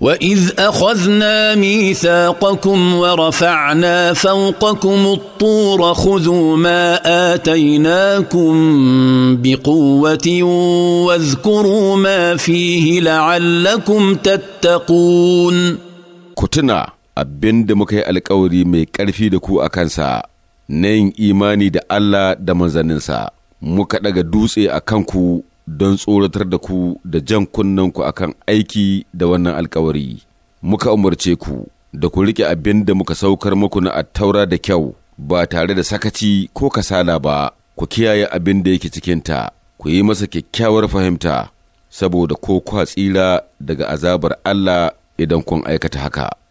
واذ اخذنا ميثاقكم ورفعنا فوقكم الطور خذوا ما اتيناكم بقوه واذكروا ما فيه لعلكم تتقون كتنا abin da muka yi alkawari mai ƙarfi da ku a kansa na yin imani da Allah da manzanninsa muka ɗaga dutse a kanku don tsoratar da ku da jan kunnanku kan aiki da wannan alkawari. Muka umarce ku da ku riƙe abin da muka saukar muku na attaura da kyau ba tare da sakaci ko kasala ba, ku kiyaye abin da yake cikinta, ku yi masa kyakkyawar fahimta, saboda ko kwa tsira daga azabar Allah idan kun aikata haka.